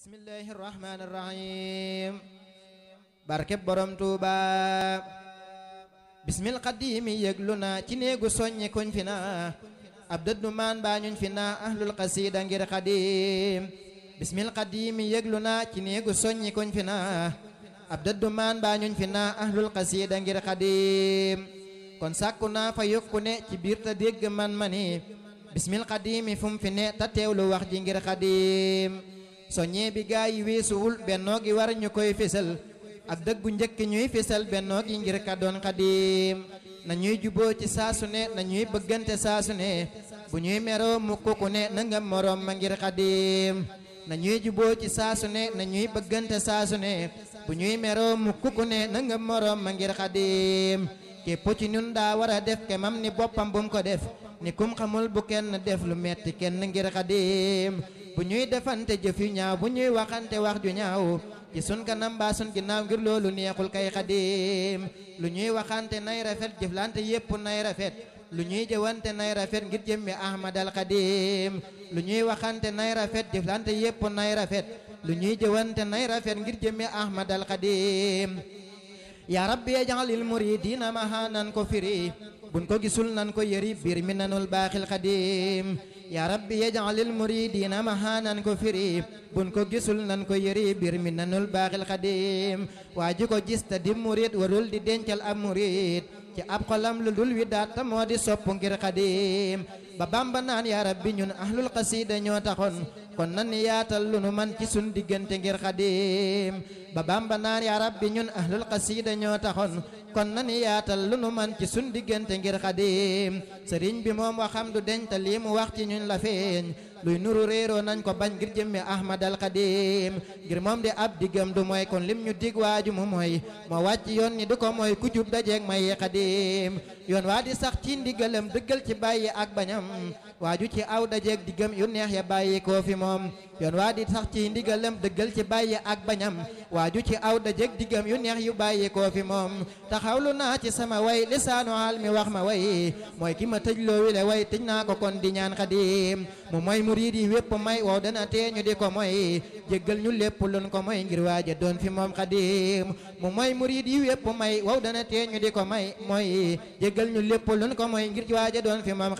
بسم الله الرحمن الرحيم barkeb borom Touba bismil qadim yëglu naa ci néegu soññi kuñ fi naa ab dëddu maan baa ñuñ fi naa ahlul qasida ngir qadim bismil qadim yëglu naa ci néegu soññi kuñ fi naa ab dëddu maan baa ñuñ fi naa ahlul qasida ngir qadim kon sàkku naa fa yokku ne ci biir ta dégg man mani bismil qadim fu mu fi ne ta teewlu wax ji ngir qadim soññee bi gaa yi weesuwul bennoo gi war ñu koy fésal ak dëggu njëkk ñuy fésal bennoo yi ngir kàddoon xadiim na ñuy juboo ci saasu ne na ñuy bëggante saasu ne bu ñuy meroo mukkuku ne na nga moroom ma ngir xadiim na ñuy juboo ci saasu ne na ñuy bëggante saasu ne bu ñuy meroo mukkuku ne na moroom ma ngir xadiim képp ci ñun daa war a def kemam ni boppam bum ko def ni kum xamul bu kenn def lu metti kenn ngir xadiim bu ñuy defante jëf yu ñaaw bu ñuy waxante wax ju ñaaw ci sun kanam mbaa sun ginnaaw ngir loolu neexul kay xadim lu ñuy waxante nay rafet jëflante yépp nay rafet lu ñuy jëwante nay rafet ngir jëmmi Ahmad al Xadim lu ñuy waxante nay rafet jëflante yépp nay rafet lu ñuy jëwante nay rafet ngir jëmmi Ahmad al Xadim yaa rabbi yajalil muridina maha nan ko firi buñ ko gisul nan ko yëri biir mi nanul baaxil xadim yaa rabbi yaj'alil muridiina maha nan ko firi bun ko gisul nan ko yëri mbir mi nanul baaxil xadim waa ji ko gis te di murid warul di dencal ab murid ci ab xolam lu dul wi daat ta moo di sopp ngir xadim ba bamba naan yaa rabbi ñun ahlul xasida ñoo taxoon kon nan yaatal lu nu man ci sun diggante ngir khadim ba ya rabbi ñun ahlul qasida ñoo taxon kon nan yaatal lu nu man ci sun diggante ngir khadim serign bi moom waxam du deñ te mu wax ci ñun la feñ luy nuru rero nañ ko bañ ngir ahmad al qadim ngir mom di ab diggam du moy kon lim ñu dig waaju mu moy mo wacc yon ni du ko moy ku jub dajeeg mayi xadim yon waa di sax ci ndigalam deggal ci bàyyi ak bañam waaju ci aw ak yu neex ya ko fi moom yoon waa di sax ci ndigalam dëggal ci bàyyi ak bañam waaju ci aw dajëg diggam yu neex yu bàyyi koo fi moom taxawlu naa ci sama way lisaanu xaal mi wax ma way mooy ki ma tëj loo wile way tëj naa ko kon di ñaan xadim mu mooy murid yi wépp may wow dana tee ñu di ko mooy jéggal ñu lépp luñ ko mooy ngir waaja doon fi moom xadim mu mooy murid yi wépp may wow dana tee ñu di ko may mooy jéggal ñu lépp luñ ko mooy ngir waaja doon fi moom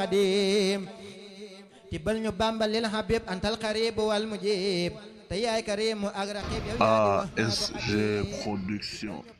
tibbal ñu ASG production